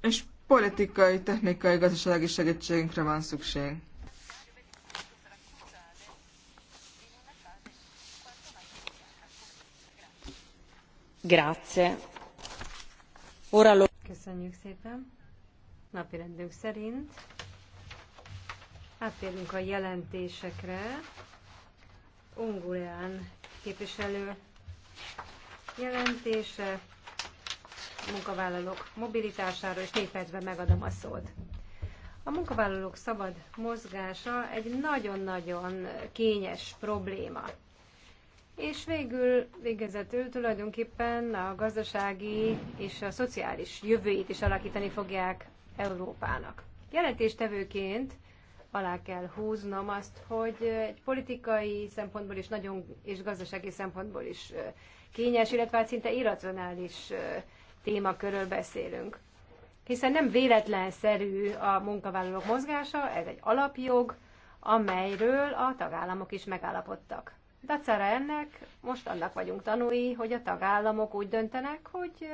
és politikai, technikai, gazdasági segítségünkre van szükség. Grazie. Ora lo... Köszönjük szépen. Napirendünk szerint átérünk a jelentésekre. Unguleán képviselő jelentése, munkavállalók mobilitásáról, és négy percben megadom a szót. A munkavállalók szabad mozgása egy nagyon-nagyon kényes probléma. És végül végezetül tulajdonképpen a gazdasági és a szociális jövőjét is alakítani fogják Európának. Jelentéstevőként alá kell húznom azt, hogy egy politikai szempontból is nagyon, és gazdasági szempontból is kényes, illetve hát szinte irracionális témakörről beszélünk. Hiszen nem véletlenszerű a munkavállalók mozgása, ez egy alapjog, amelyről a tagállamok is megállapodtak. Dacára ennek most annak vagyunk tanúi, hogy a tagállamok úgy döntenek, hogy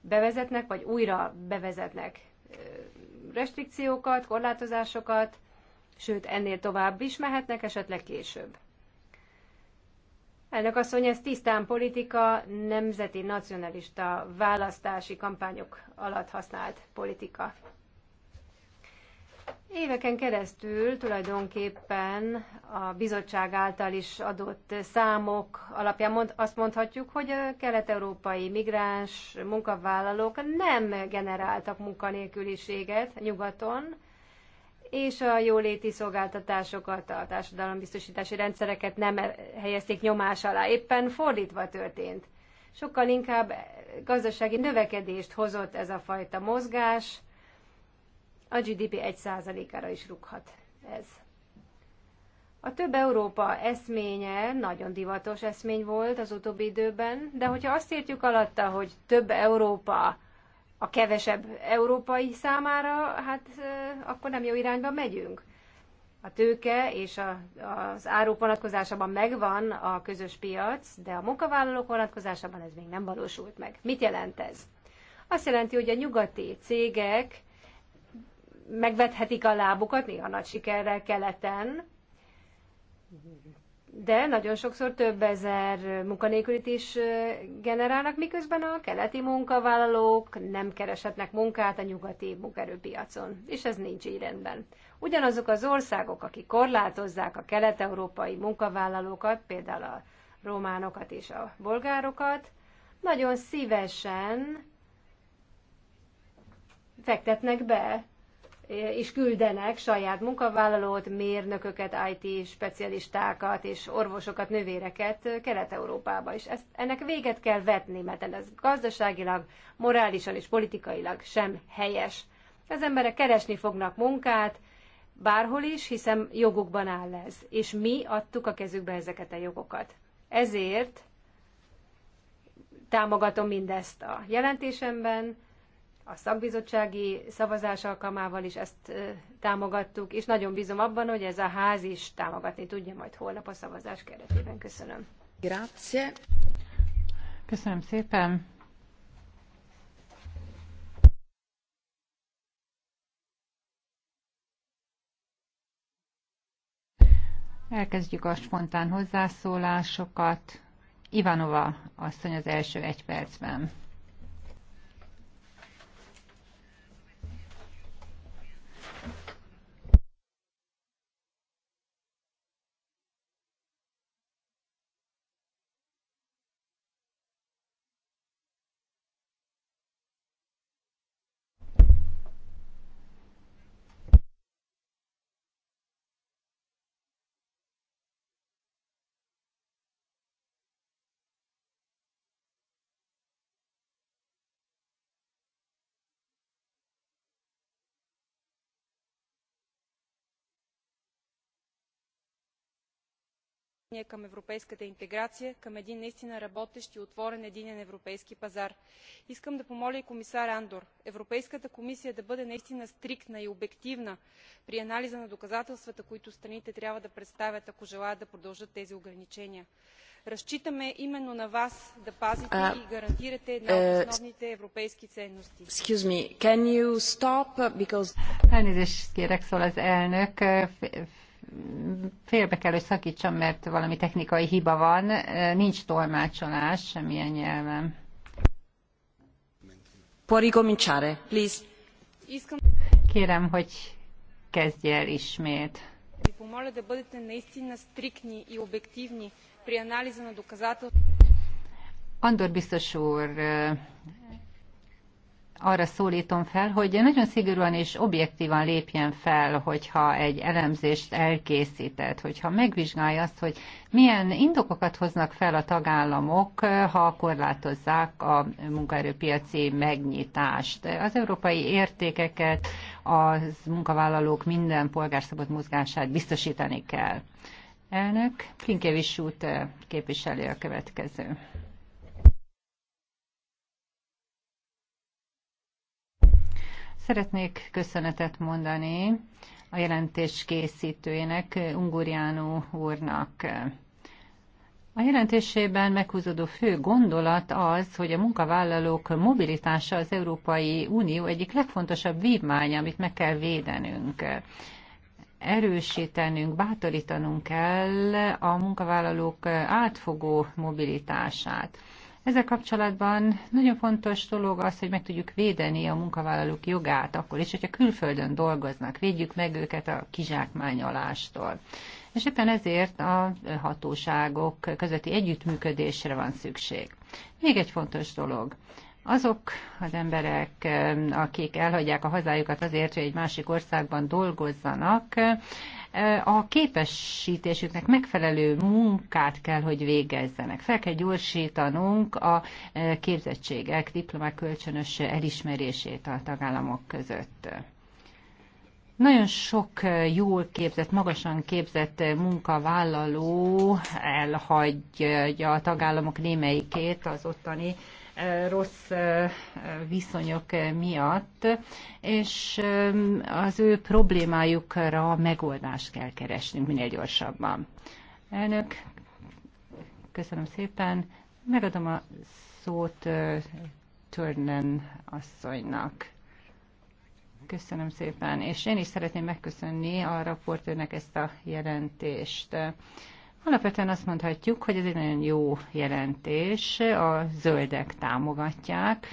bevezetnek, vagy újra bevezetnek restrikciókat, korlátozásokat, sőt ennél tovább is mehetnek, esetleg később. Elnök asszony, ez tisztán politika, nemzeti nacionalista választási kampányok alatt használt politika. Éveken keresztül tulajdonképpen a bizottság által is adott számok alapján mond, azt mondhatjuk, hogy a kelet-európai migráns munkavállalók nem generáltak munkanélküliséget nyugaton, és a jóléti szolgáltatásokat, a társadalombiztosítási rendszereket nem helyezték nyomás alá. Éppen fordítva történt. Sokkal inkább gazdasági növekedést hozott ez a fajta mozgás, a GDP 1%-ára is rúghat ez. A több Európa eszménye nagyon divatos eszmény volt az utóbbi időben, de hogyha azt értjük alatta, hogy több Európa a kevesebb európai számára, hát akkor nem jó irányba megyünk. A tőke és a, az áruk vonatkozásában megvan a közös piac, de a munkavállalók vonatkozásában ez még nem valósult meg. Mit jelent ez? Azt jelenti, hogy a nyugati cégek megvethetik a lábukat, néha nagy sikerrel keleten, de nagyon sokszor több ezer munkanélkülit is generálnak, miközben a keleti munkavállalók nem kereshetnek munkát a nyugati munkerőpiacon. és ez nincs így rendben. Ugyanazok az országok, akik korlátozzák a kelet-európai munkavállalókat, például a románokat és a bolgárokat, nagyon szívesen fektetnek be és küldenek saját munkavállalót, mérnököket, IT specialistákat és orvosokat, nővéreket Kelet-Európába. És ezt, ennek véget kell vetni, mert ez gazdaságilag, morálisan és politikailag sem helyes. Az emberek keresni fognak munkát, bárhol is, hiszen jogukban áll ez. És mi adtuk a kezükbe ezeket a jogokat. Ezért támogatom mindezt a jelentésemben, a szakbizottsági szavazás alkalmával is ezt támogattuk, és nagyon bízom abban, hogy ez a ház is támogatni tudja majd holnap a szavazás keretében. Köszönöm. Grazie. Köszönöm szépen. Elkezdjük a spontán hozzászólásokat. Ivanova asszony az első egy percben. отношение към европейската интеграция към един наистина работещ и отворен единен европейски пазар. искам да помоля и комисар андор европейската комисия да бъде наистина стриктна и обективна при анализа на доказателствата които страните трябва да представят ако желаят да продължат тези ограничения. разчитаме именно на вас да пазите и гарантирате една от основните европейски ценности félbe kell, hogy szakítsam, mert valami technikai hiba van. Nincs tolmácsolás semmilyen nyelven. Kérem, hogy kezdj el ismét. Andor biztos úr, arra szólítom fel, hogy nagyon szigorúan és objektívan lépjen fel, hogyha egy elemzést elkészített, hogyha megvizsgálja azt, hogy milyen indokokat hoznak fel a tagállamok, ha korlátozzák a munkaerőpiaci megnyitást, az európai értékeket, az munkavállalók minden polgárszabad mozgását biztosítani kell. Elnök, Kinkevics út képviselő a következő. Szeretnék köszönetet mondani a jelentés készítőjének, Ungurjánó úrnak. A jelentésében meghúzódó fő gondolat az, hogy a munkavállalók mobilitása az Európai Unió egyik legfontosabb vívmánya, amit meg kell védenünk. Erősítenünk, bátorítanunk kell a munkavállalók átfogó mobilitását. Ezzel kapcsolatban nagyon fontos dolog az, hogy meg tudjuk védeni a munkavállalók jogát akkor is, hogyha külföldön dolgoznak, védjük meg őket a kizsákmányolástól. És éppen ezért a hatóságok közötti együttműködésre van szükség. Még egy fontos dolog azok az emberek, akik elhagyják a hazájukat azért, hogy egy másik országban dolgozzanak, a képesítésüknek megfelelő munkát kell, hogy végezzenek. Fel kell gyorsítanunk a képzettségek, diplomák kölcsönös elismerését a tagállamok között. Nagyon sok jól képzett, magasan képzett munkavállaló elhagyja a tagállamok némelyikét az ottani rossz viszonyok miatt, és az ő problémájukra megoldást kell keresnünk minél gyorsabban. Elnök, köszönöm szépen. Megadom a szót Törnen asszonynak. Köszönöm szépen, és én is szeretném megköszönni a raportőrnek ezt a jelentést. Alapvetően azt mondhatjuk, hogy ez egy nagyon jó jelentés, a zöldek támogatják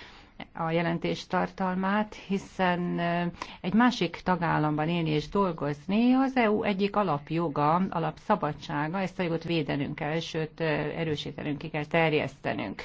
a jelentés tartalmát, hiszen eh, egy másik tagállamban élni és dolgozni az EU egyik alapjoga, alapszabadsága, ezt a jogot védenünk kell, sőt eh, erősítenünk ki kell, terjesztenünk.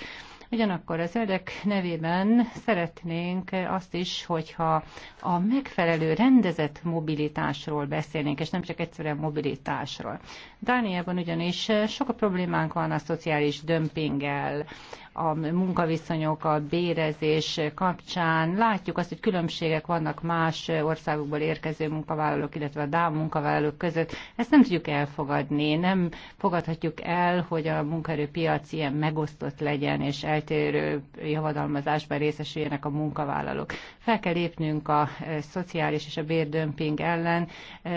Ugyanakkor az ördek nevében szeretnénk azt is, hogyha a megfelelő rendezett mobilitásról beszélnénk, és nem csak egyszerűen mobilitásról. Dániában ugyanis sok a problémánk van a szociális dömpinggel, a munkaviszonyok, a bérezés kapcsán. Látjuk azt, hogy különbségek vannak más országokból érkező munkavállalók, illetve a DÁM munkavállalók között. Ezt nem tudjuk elfogadni, nem fogadhatjuk el, hogy a munkaerőpiac ilyen megosztott legyen, és eltérő javadalmazásban részesüljenek a munkavállalók. Fel kell lépnünk a szociális és a bérdömping ellen,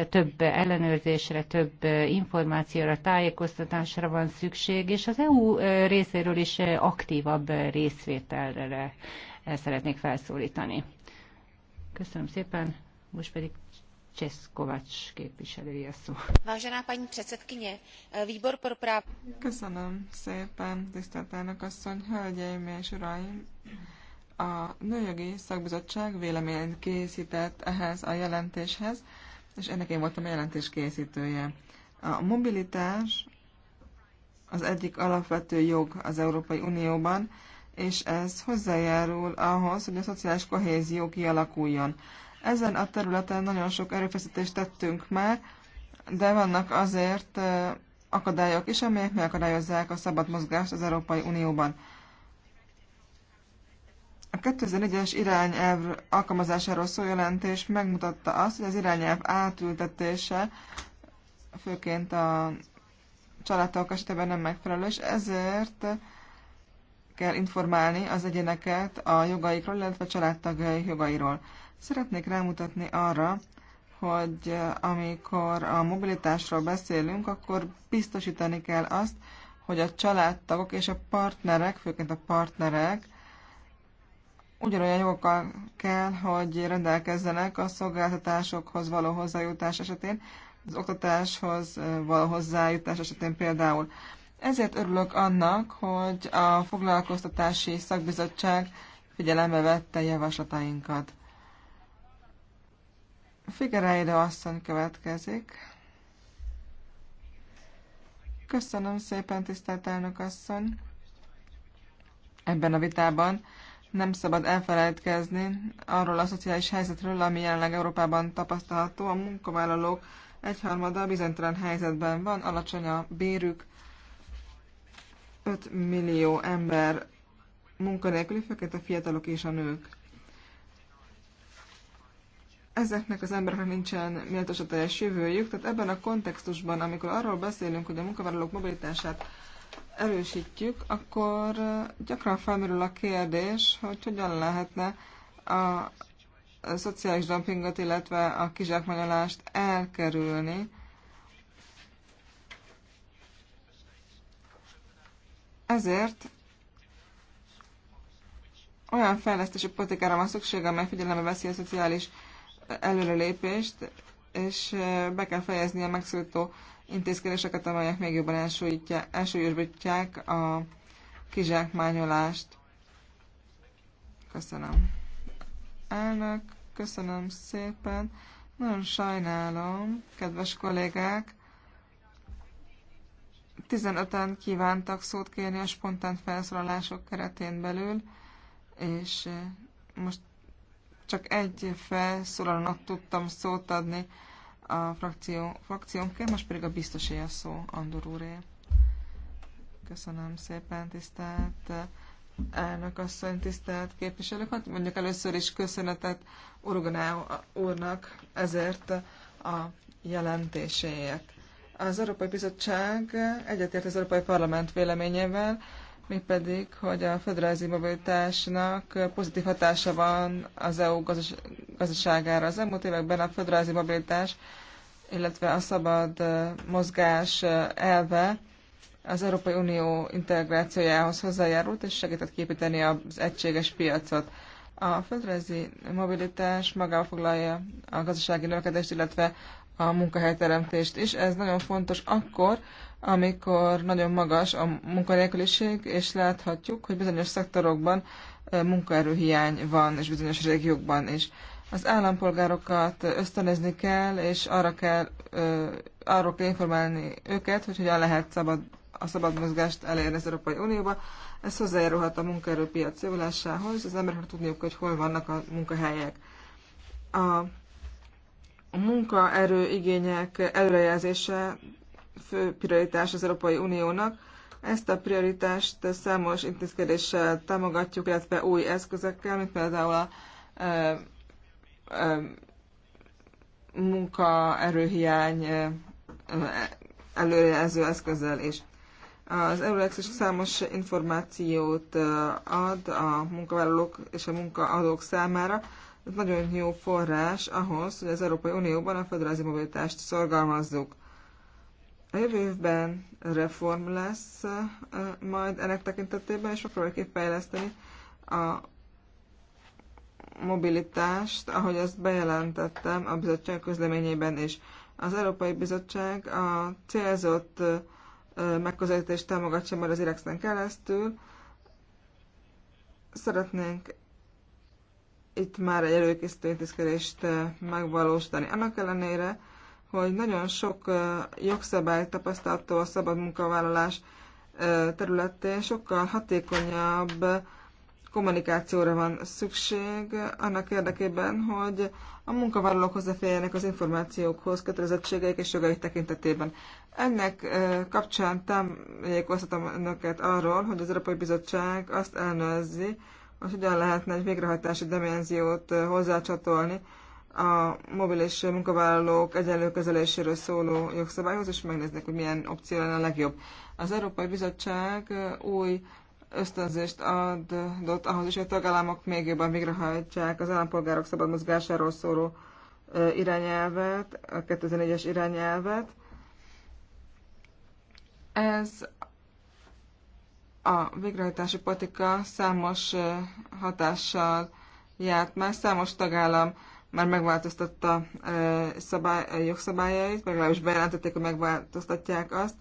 több ellenőrzésre, több információra, tájékoztatásra van szükség, és az EU részéről is aktív aktívabb részvételre szeretnék felszólítani. Köszönöm szépen, most pedig Českovacs képviselője szó. Vážená paní předsedkyně, výbor pro práv... Köszönöm szépen, tisztelt elnök asszony, hölgyeim és uraim! A Nőjogi Szakbizottság véleményt készített ehhez a jelentéshez, és ennek én voltam a jelentés készítője. A mobilitás az egyik alapvető jog az Európai Unióban, és ez hozzájárul ahhoz, hogy a szociális kohézió kialakuljon. Ezen a területen nagyon sok erőfeszítést tettünk már, de vannak azért akadályok is, amelyek megakadályozzák a szabad mozgást az Európai Unióban. A 2004-es irányelv alkalmazásáról szó jelentés megmutatta azt, hogy az irányelv átültetése, főként a családtagok esetében nem megfelelő, és ezért kell informálni az egyeneket a jogaikról, illetve a családtagjaik jogairól. Szeretnék rámutatni arra, hogy amikor a mobilitásról beszélünk, akkor biztosítani kell azt, hogy a családtagok és a partnerek, főként a partnerek, ugyanolyan jogokkal kell, hogy rendelkezzenek a szolgáltatásokhoz való hozzájutás esetén, az oktatáshoz való hozzájutás esetén például. Ezért örülök annak, hogy a foglalkoztatási szakbizottság figyelembe vette javaslatainkat. Figereire asszony következik. Köszönöm szépen, tisztelt elnök asszony. Ebben a vitában nem szabad elfelejtkezni arról a szociális helyzetről, ami jelenleg Európában tapasztalható. A munkavállalók egyharmada bizonytalan helyzetben van, alacsony a bérük, 5 millió ember munkanélküli, főként a fiatalok és a nők. Ezeknek az embereknek nincsen méltos a teljes jövőjük, tehát ebben a kontextusban, amikor arról beszélünk, hogy a munkavállalók mobilitását erősítjük, akkor gyakran felmerül a kérdés, hogy hogyan lehetne a a szociális dumpingot, illetve a kizsákmányolást elkerülni. Ezért olyan fejlesztési politikára van szüksége, amely figyelembe veszi a szociális előrelépést, és be kell fejezni a megszólító intézkedéseket, amelyek még jobban elsúlyosbítják a kizsákmányolást. Köszönöm. Elnök, köszönöm szépen. Nagyon sajnálom, kedves kollégák. 15-en kívántak szót kérni a spontán felszólalások keretén belül, és eh, most csak egy felszólalónak tudtam szót adni a frakció, frakciónként, most pedig a biztosé a szó, Andor úré. Köszönöm szépen, tisztelt elnök asszony, tisztelt képviselők. Hát mondjuk először is köszönetet Urgoná úrnak ezért a jelentéséért. Az Európai Bizottság egyetért az Európai Parlament véleményével, mégpedig, hogy a föderalizmi mobilitásnak pozitív hatása van az EU gazdaságára. Az elmúlt években a föderalizmi mobilitás, illetve a szabad mozgás elve az Európai Unió integrációjához hozzájárult, és segített képíteni az egységes piacot. A földrajzi mobilitás magába foglalja a gazdasági növekedést, illetve a munkahelyteremtést is. Ez nagyon fontos akkor, amikor nagyon magas a munkanélküliség, és láthatjuk, hogy bizonyos szektorokban munkaerőhiány van, és bizonyos régiókban is. Az állampolgárokat ösztönözni kell, és arra kell, arról kell informálni őket, hogy hogyan lehet szabad a szabad mozgást elérni az Európai Unióba. Ez hozzájárulhat a munkaerőpiac javulásához, az embereknek tudniuk, hogy hol vannak a munkahelyek. A a munkaerő igények előrejelzése fő prioritás az Európai Uniónak. Ezt a prioritást számos intézkedéssel támogatjuk, illetve új eszközökkel, mint például a e, e, munkaerőhiány e, előrejelző eszközzel is. Az Eurex is számos információt ad a munkavállalók és a munkaadók számára. Ez nagyon jó forrás ahhoz, hogy az Európai Unióban a földrajzi mobilitást szorgalmazzuk. A jövő évben reform lesz majd ennek tekintetében, és megpróbáljuk fejleszteni a mobilitást, ahogy azt bejelentettem a bizottság közleményében is. Az Európai Bizottság a célzott megközelítést támogatja már az Irexen keresztül. Szeretnénk itt már egy előkészítő intézkedést megvalósítani. Annak ellenére, hogy nagyon sok jogszabály tapasztalható a szabad munkavállalás területén, sokkal hatékonyabb kommunikációra van szükség annak érdekében, hogy a munkavállalók hozzáférjenek az információkhoz, kötelezettségeik és jogaik tekintetében. Ennek kapcsán tájékoztatom önöket arról, hogy az Európai Bizottság azt ellenőrzi, hogy hogyan lehetne egy végrehajtási dimenziót hozzácsatolni a mobilis munkavállalók egyenlő kezeléséről szóló jogszabályhoz, és megnéznek, hogy milyen opció lenne a legjobb. Az Európai Bizottság új ösztönzést adott ahhoz is, hogy a tagállamok még jobban végrehajtsák az állampolgárok szabad mozgásáról szóló irányelvet, a 2004-es irányelvet. Ez a végrehajtási politika számos hatással járt már, számos tagállam már megváltoztatta szabály, jogszabályait, legalábbis bejelentették, hogy megváltoztatják azt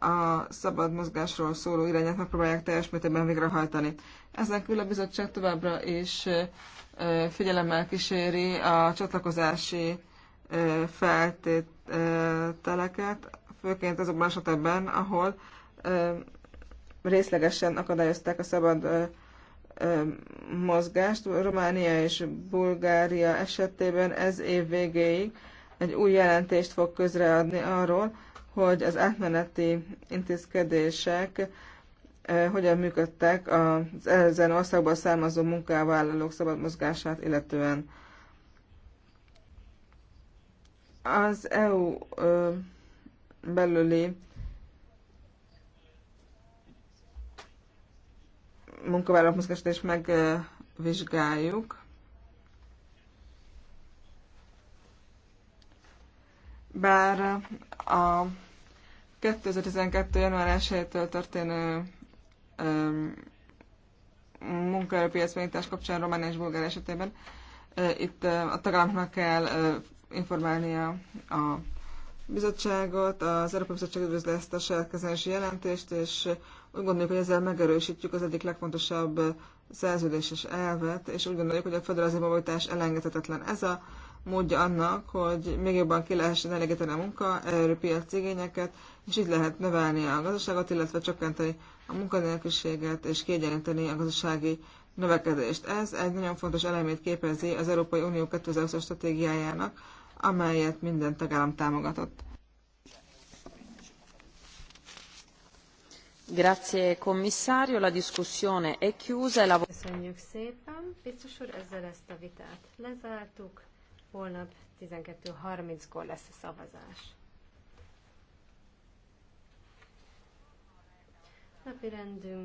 a szabad mozgásról szóló irányát megpróbálják teljes mértékben végrehajtani. Ezen külön a bizottság továbbra is figyelemmel kíséri a csatlakozási feltételeket, főként azokban esetekben, ahol részlegesen akadályozták a szabad mozgást. Románia és Bulgária esetében ez év végéig egy új jelentést fog közreadni arról, hogy az átmeneti intézkedések eh, hogyan működtek az ezen országban származó munkavállalók szabad mozgását illetően. Az EU eh, belüli munkavállalók mozgását is megvizsgáljuk. Bár a 2012. január 1-től történő munkaerőpiac megnyitás kapcsán Románia és Bulgária esetében itt a tagállamoknak kell informálnia a bizottságot, az Európai Bizottság üdvözli ezt a saját jelentést, és úgy gondoljuk, hogy ezzel megerősítjük az egyik legfontosabb szerződéses elvet, és úgy gondoljuk, hogy a földrajzi mobilitás elengedhetetlen. Ez a módja annak, hogy még jobban ki lehessen elégíteni a munkaerőpiac igényeket, és így lehet növelni a gazdaságot, illetve csökkenteni a munkanélküliséget és kiegyenlíteni a gazdasági növekedést. Ez egy nagyon fontos elemét képezi az Európai Unió 2020 stratégiájának, amelyet minden tagállam támogatott. Grazie commissario, la discussione è chiusa. e La... Köszönjük szépen, biztos úr, ezzel ezt a vitát lezártuk. Holnap 12.30-kor lesz a szavazás. Napirendünk